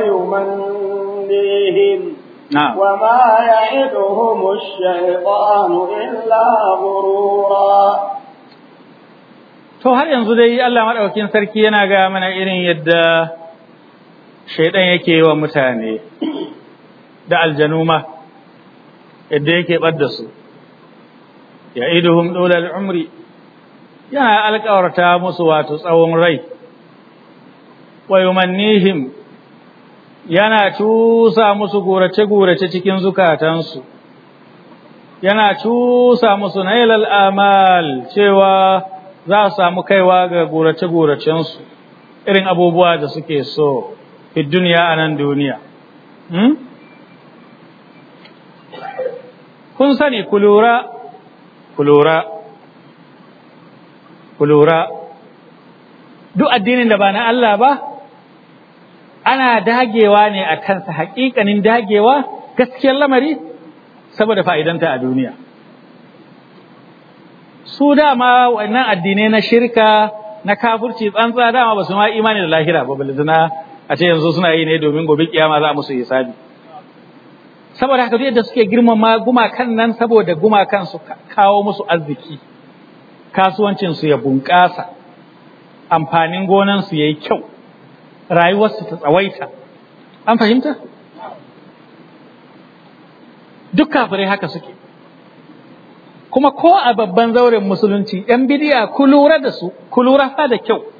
yumannihim ya iduhum ash-shaytanu illa ghurura to har yanzu dai Allah madaukakin sarki yana ga mana irin yadda shaidan yake yi wa mutane da aljanu ma yadda yake ɓadda su ya iduhum dole umri yana alƙawarta musu wato tsawon rai wa yumannihim yana cusa musu gurace-gurace cikin zukatansu yana cusa musu nailal amal cewa za su samu kaiwa ga gurace-guracensu irin abubuwa da suke so fi duniya a nan duniya kun sani kulura, kulura, kulura duk addinin da ba na Allah ba ana dagewa ne a kansa haƙiƙanin dagewa gaskiyar lamari saboda fa'idanta a duniya su dama wannan addinai na shirka na kafurci tsantsa dama ba su ma imani da lahira ba balizina a ce yanzu suna yi ne domin gobe kiyama za musu hisabi saboda haka duk da suke girmama gumakan nan saboda gumakan su kawo musu arziki kasuwancin su ya bunƙasa amfanin gonansu su yayi kyau rayuwarsu su ta tsawaita an fahimta duk kafirai haka suke kuma ko a babban zauren musulunci yan bidiya kulura da su ku fa da kyau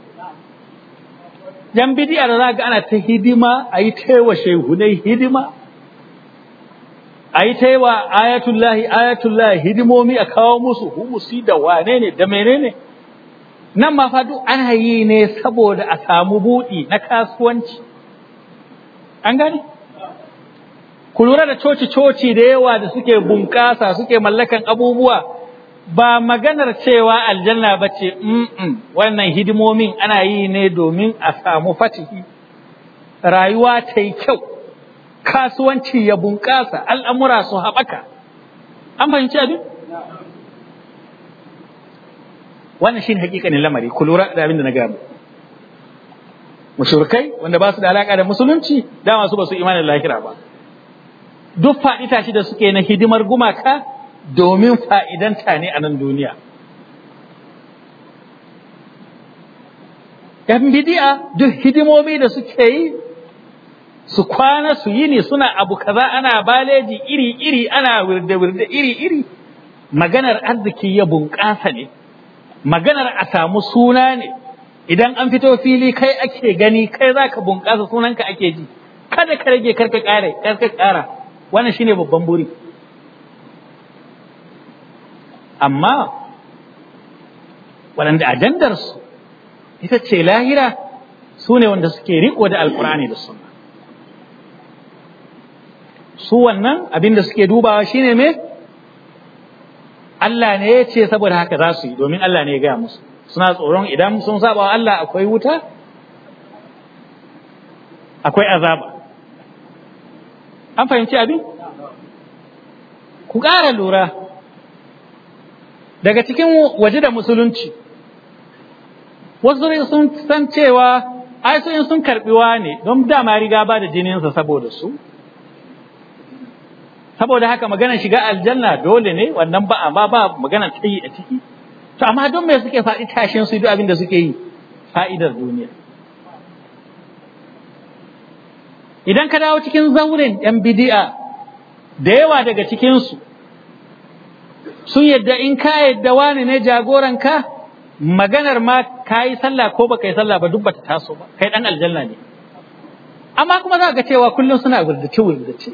yan bidiya da za ga ana ta hidima a yi taiwa shehunai hidima a yi taiwa ayatullahi ayatullahi hidimomi a kawo musu humusi da wane ne da menene nan ma fa duk ana yi ne saboda a samu buɗi na kasuwanci an gani. ku da coci-coci da yawa da suke bunƙasa suke mallakan abubuwa ba maganar cewa aljanna ba ce wannan hidimomin ana yi ne domin a samu fatihi rayuwa ta yi kyau kasuwanci ya bunƙasa al'amura su haɓaka an fahimci abin? wannan shi ne ne lamari ku da abin da na gamu mushurkai wanda ba su da alaƙa da musulunci dama su ba su imanin lahira ba duk faɗi tashi da suke na hidimar gumaka domin fa'idanta ne a nan duniya. ‘Yan bidiya duk hidimomi da suke yi, su kwana su yi ne suna abu kaza ana baleji iri-iri ana wirde-wirde iri-iri, maganar arziki ya bunƙasa ne, maganar a samu suna ne, idan an fito fili kai ake gani kai za ka bunƙasa sunanka ake ji, kada ka rage karka ƙara, karka ƙara, wannan shine babban buri. amma waɗanda ajandarsu ita ce lahira su ne wanda suke riko da alkur'ani da suna, su wannan abin da suke dubawa shine me Allah ne ya ce saboda haka za su yi domin Allah ne ya gaya musu suna tsoron idan sun saba wa Allah akwai wuta akwai azaba an fahimci abin ku ƙara lura daga cikin waje da musulunci wasu sun san cewa ai su in sun karbiwa ne don dama riga ba da jininsa saboda su saboda haka magana shiga aljanna dole ne wannan ba amma ba magana tsayi a ciki to amma don me suke faɗi tashin su duk abin da suke yi fa'idar duniya idan ka dawo cikin zaurin yan bidi'a da yawa daga cikinsu sun yadda in ka yadda wani ne jagoranka, maganar ma ka yi sallah ko baka yi sallah ba duk ta taso ba kai ɗan aljanna ne amma kuma za a ga cewa kullum suna wurdace wurdace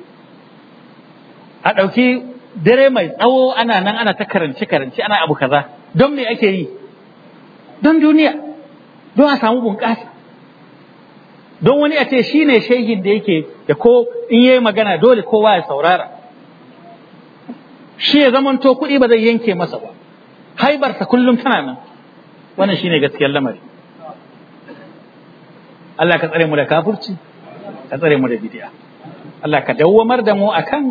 a ɗauki dare mai tsawo ana nan ana ta karance karance ana abu kaza don me ake yi don duniya don a samu bunƙasa don wani a ce shi ne shehin da yake da ko in yi magana dole kowa ya saurara shi ya zamanto kuɗi ba zai yanke masa ba haibarsa kullum tana nan wannan shine gaskiyar lamari Allah ka tsare mu da kafurci, ka tsare mu da bid'a Allah ka dawwamar da mu akan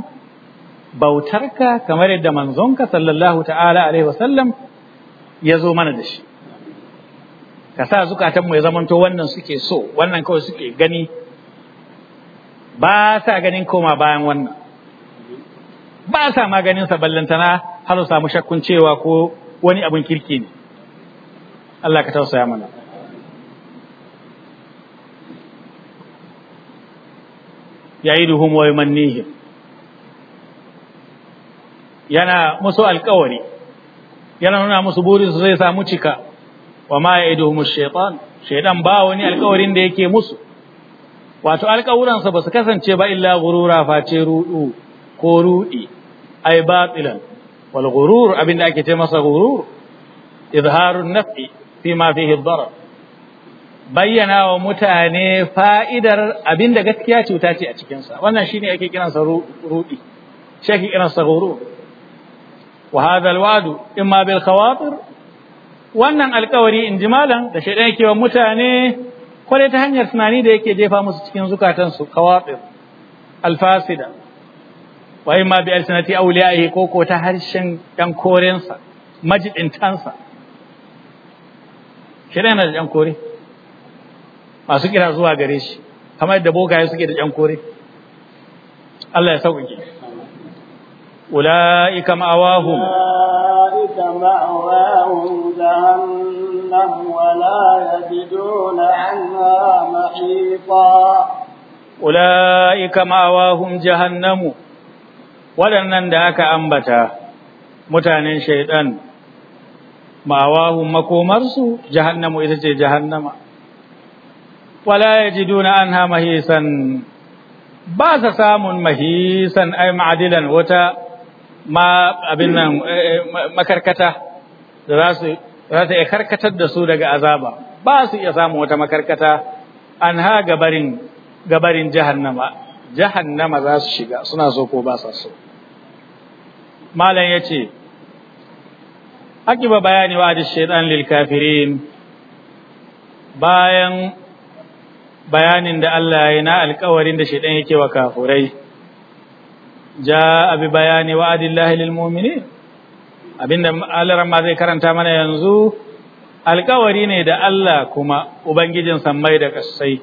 bautarka kamar yadda manzonka sallallahu ta'ala alaihi wasallam ya zo mana da shi ka sa zukatanmu ya zamanto wannan suke so wannan kawai suke gani ba sa ganin koma bayan wannan ba sa maganin sa ballantana har su samu shakkun cewa ko wani abin kirki ne Allah ka tausaya mana duhun wa yumannihim yana musu alƙawari yana nuna musu burin su zai samu cika wa ma ya'iduhum ash-shaytan shaytan ba wani alƙawarin da yake musu wato alƙawuransa ba su kasance ba illa gurura face ruɗu ko rudi ai batilan wal ghurur abin da ake ce masa ghurur izharun naf'i fi ma fihi darar bayyana wa mutane fa'idar abin da gaskiya cuta ce a cikinsa wannan shine ake kiransa rudi shi ake kiransa ghurur wa hadha al wa'du imma bil khawatir wannan alkawari in ji malam da shaidan yake wa mutane ko ta hanyar tunani da yake jefa musu cikin zukatansu kawatir alfasida wa ma bi alsanati awliyaihi ko ko ta harshen yan korensa majidin tansa kiran da dan kore masu kira zuwa gare shi kamar da bogaye suke da dan kore Allah ya sauƙaƙe ulaika ma'awahum ulaika ma'awahum jahannam wa la yajiduna anha mahiqa ulaika ma'awahum jahannamu waɗannan da aka ambata mutanen shaidan ma'awahun makomarsu jahannamu ita ce jahannama wala yajiduna anha mahisan ba sa samun mahisan ay ma'adilan wata ma abin nan eh, eh, makarkata da za su za ta iya karkatar da su daga azaba ba su iya samun wata makarkata an ha gabarin gabarin jahannama jahannama za su shiga suna so ko ba sa so malam yace akiba bayani wa da shaytan lil kafirin bayan bayanin da Allah ya na alƙawarin da shaytan yake wa kafurai ja abi bayani wa adillahi lil mu'minin abinda Allah ma zai karanta mana yanzu alƙawari ne da Allah kuma ubangijin sammai da kasai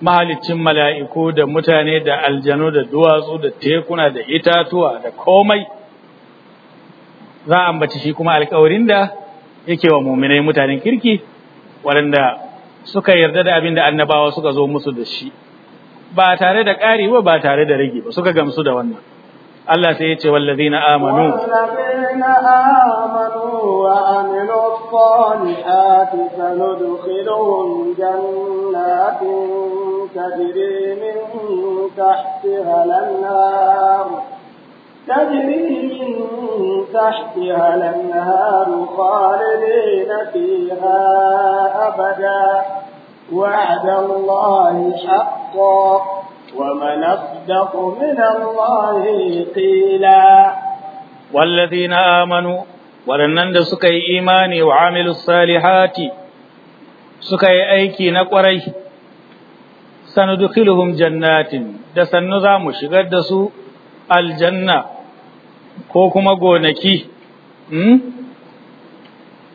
mahaliccin mala'iku da mutane da aljanu da duwatsu da tekuna da itatuwa da komai za a ambaci shi kuma alkawarin da yake wa muminai mutanen kirki waɗanda suka yarda da abin da annabawa suka zo musu da shi ba tare da ƙari ba ba tare da rage ba suka gamsu da wannan Allah sai ya ce wallazina amanu amanu wa min تجري من تحتها لنهار خالدين فيها أبدا وعد الله حقا ومن أصدق من الله قيلا والذين آمنوا ولنند سكي إيماني وعمل الصالحات سكي أيكي نقري سندخلهم جنات دسنو ذا مشغد سو الجنة ko kuma gonaki hmm?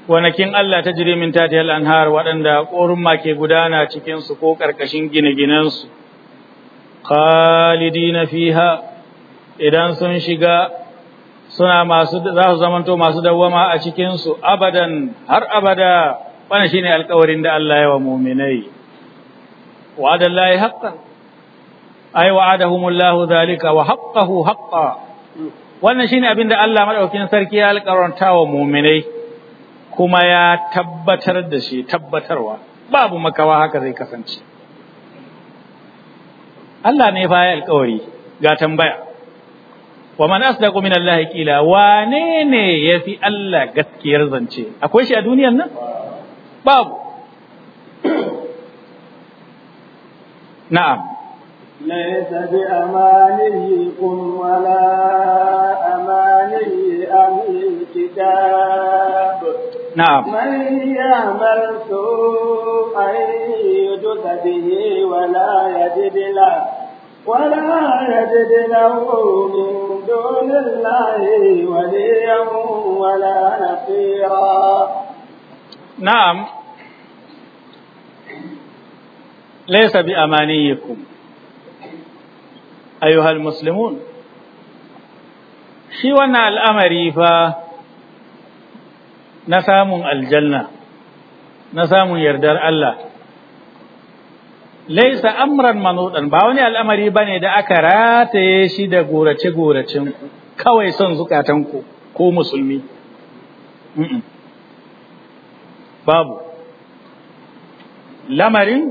gonakin Allah ta jire min tati hal anhar waɗanda ma ke gudana cikinsu ko ƙarƙashin gine-ginensu na fiha idan sun shiga suna masu za su zamanto masu dawwama a cikinsu abadan har abada wannan shine alƙawarin da Allah ya wa mu'minai Wa Allah haqqan ay wa'adahumullahu zalika wa haqqahu haqqan wannan shine abin da Allah madaukakin sarki ya alƙaranta wa mu'minai kuma ya tabbatar da shi tabbatarwa babu makawa haka zai kasance Allah ne fa ya alƙawari ga tambaya wa man asdaqu min Allah qila wane ne yafi Allah gaskiyar zance akwai shi a duniyar nan babu na'am ليس بأمانيكم ولا أماني أهل الكتاب نعم من يعمل سوءا يجز به ولا يجد له ولا يجد له من دون الله وليا ولا نصيرا نعم ليس بأمانيكم ayyuhal muslimun shi wannan al'amari fa na samun aljanna na samun yardar Allah laisa amran manudan ba wani al'amari bane da aka rataye shi da gorace goracen kawai son zukatan ku ko musulmi babu lamarin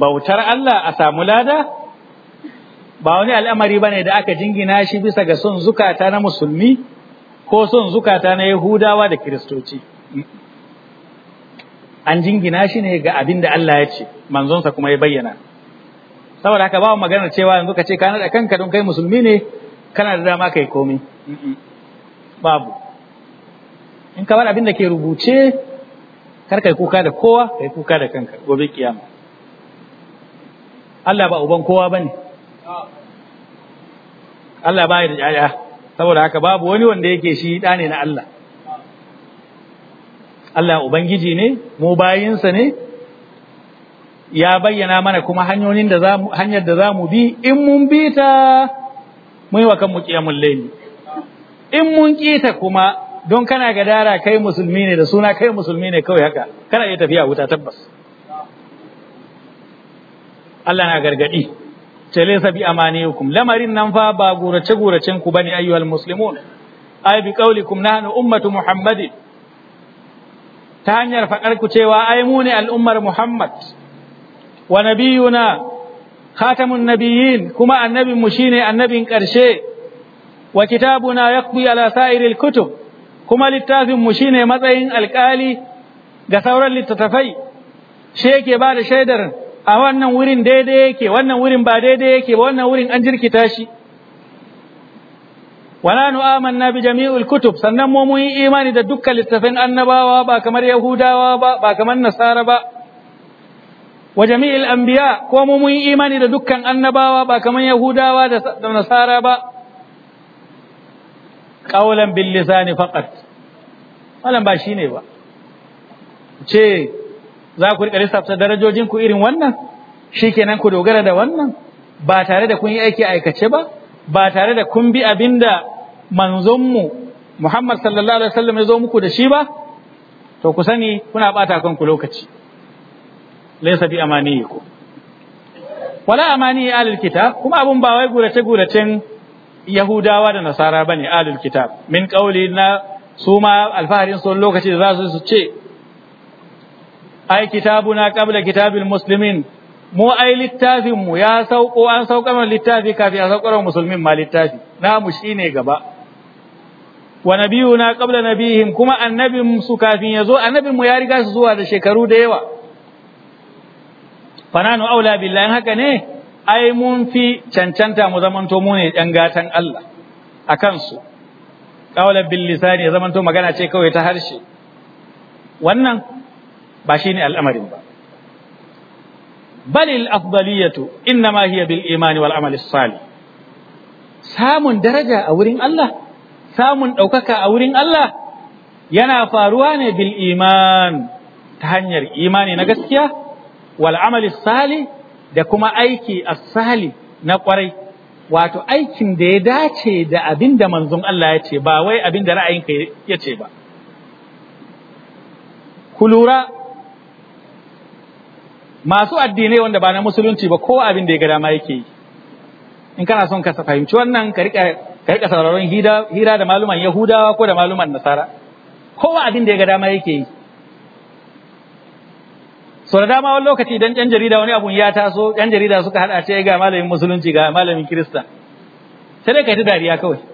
bautar Allah a samu lada ba wani al'amari bane da aka jingina shi bisa ga son zukata na musulmi ko son zukata na yahudawa da kiristoci an jingina shi ne ga abin da Allah ya ce manzonsa kuma ya bayyana saboda haka ba mu magana cewa yanzu ka ce kana da kanka don kai musulmi ne kana da dama kai komai babu in ka bar abin da ke rubuce kar kai kuka da kowa kai kuka da kanka gobe kiyama Allah ba uban kowa bane Allah baya da ƴaƴa saboda haka babu wani wanda yake shi ɗa ne na Allah Allah ubangiji ne mu bayinsa ne ya bayyana mana kuma hanyoyin da za hanyar da za mu bi in mun bi ta mun yi wa kanmu qiyamul layli in mun kita kuma don kana gadara kai musulmi ne da suna kai musulmi ne kawai haka kana iya tafiya wuta tabbas Allah na gargadi ce laysa bi amaniyikum lamarin nan fa ba gurace guracen ku bane ayyuhal muslimun ay bi qaulikum nahnu ummatu muhammadin ta hanyar faɗar ku cewa ai mu ne al'ummar muhammad wa nabiyuna khatamun nabiyyin kuma annabin mu shine annabin ƙarshe wa kitabuna yaqbi ala sa'iril kutub kuma littafin mu shine matsayin alkali. ga sauran littattafai shi yake ba da shaidar a wannan wurin daidai yake wannan wurin ba daidai yake ba wannan wurin an jirkita shi wala nu amanna bi jami'il kutub sannan mu mun imani da dukkan littafin annabawa ba kamar yahudawa ba ba kamar nasara ba wa jami'il anbiya ko mu mun imani da dukkan annabawa ba kamar yahudawa da nasara ba qawlan bil lisani faqat wannan ba shine ba ce za ku rika lissafta darajojin ku irin wannan shikenan ku dogara da wannan ba tare da kun yi aiki aikace ba ba tare da kun bi abinda manzon mu Muhammad sallallahu alaihi wasallam ya zo muku da shi ba to ku sani kuna bata kanku lokaci laysa bi amaniyikum wala amani alil kitab kuma abun ba wai gurace guracen yahudawa da nasara bane alil kitab min qauli na su ma alfaharin sun lokaci da za su ce ai kitabuna qabla kitabil muslimin mu ai littafin mu ya sauko an sauka mana littafi kafin a saukar musulmin ma littafi namu shine gaba wa nabiyuna qabla nabihim kuma annabin su kafin yazo annabin mu ya riga su zuwa da shekaru da yawa fananu aula billahi haka ne ai mun fi cancanta mu zamanto mu ne yan gatan Allah akan su qawla bil lisani zamanto magana ce kawai ta harshe wannan ba ne al'amarin ba balil afdaliyatu innama hiya bil imani wal amali salih samun daraja a wurin Allah samun ɗaukaka a wurin Allah yana faruwa ne bil iman ta hanyar imani na gaskiya wal amali da kuma aiki a sali na kwarai wato aikin da ya dace da abin da manzon Allah ya ce ba wai abin da ra'ayinka ya ce ba ku lura masu addinai wanda ba na musulunci ba ko abin da ya ga dama yake yi in kana son ka fahimci wannan ka rika sauraron hira da maluman yahudawa ko da maluman nasara ko abin da ya ga dama yake yi so da dama wani lokaci idan yan jarida wani abun ya taso yan jarida suka hada ce ga malamin musulunci ga malamin kirista sai dai kai ta dariya kawai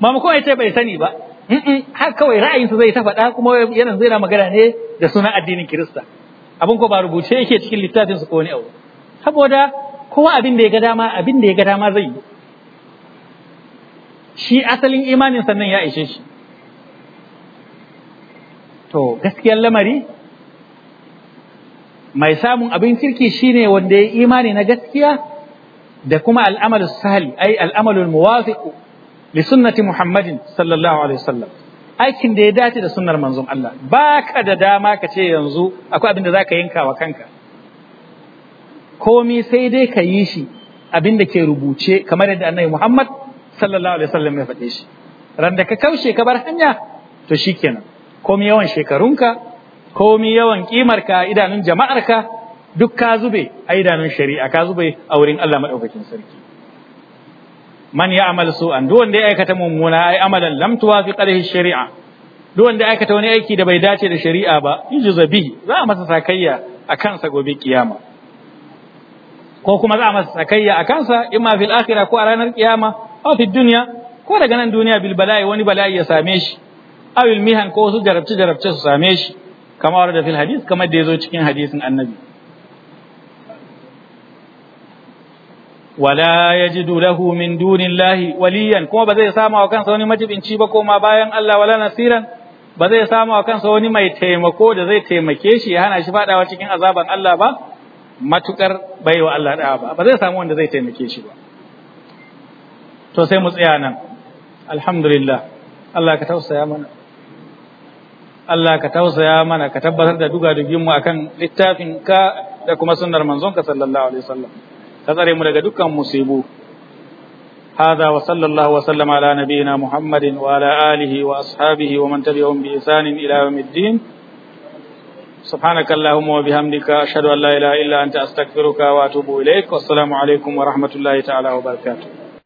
mamakon kawai ce bai sani ba har kawai ra'ayinsa zai ta faɗa kuma yana zai na magana ne da sunan addinin kirista abin ko ba rubuce yake cikin littafin su ko wani abu saboda kowa abin da ya ga dama abin da ya ga dama zai yi shi asalin imanin sannan ya ishe shi to gaskiyar lamari mai samun abin kirki shine wanda ya imani na gaskiya da kuma al'amal sahli ai al'amalul muwafiq li sunnati muhammadin sallallahu alaihi wasallam aikin da ya dace da sunnar manzon Allah ba ka da dama ka ce yanzu akwai abin da za ka yanka wa kanka komi sai dai ka yi shi abin da ke rubuce kamar yadda annabi Muhammad sallallahu alaihi wasallam ya faɗe shi ran da ka kaushe ka bar hanya to shikenan komi yawan shekarunka komi yawan kimarka ka idanun jama'arka duk ka zube a idanun shari'a ka zube a wurin Allah madaukakin sarki man ya amal su'an duk wanda ya aikata mummuna ai amalan lam tuwafi qadhi shari'a duk wanda ya aikata wani aiki da bai dace da shari'a ba yujza zabi za a masa sakayya a kansa gobe kiyama ko kuma za a masa sakayya a kansa imma fil akhirah ko a ranar kiyama a fid dunya ko daga nan duniya bil bala'i wani bala'i ya same shi awil mihan ko su jarabce jarabce su same shi kamar da fil hadith kamar da ya zo cikin hadisin annabi wala yajidu lahu min dunillahi waliyan kuma ba zai a wa kansa wani majibinci ba koma bayan Allah wala nasiran ba zai samu wa kansa wani mai taimako da zai taimake shi ya hana shi fadawa cikin azaban Allah ba matukar bai Allah da ba ba zai samu wanda zai taimake shi ba to sai mu tsaya nan alhamdulillah Allah ka tausaya mana ka tabbatar da duga mu akan littafin ka da kuma sunnar manzon ka sallallahu alaihi wasallam ka tsare mu daga dukkan musibu هذا وصلى الله وسلم على نبينا محمد وعلى آله وأصحابه ومن تبعهم بإحسان إلى يوم الدين سبحانك اللهم وبحمدك أشهد أن لا إله إلا أنت أستغفرك وأتوب إليك والسلام عليكم ورحمة الله تعالى وبركاته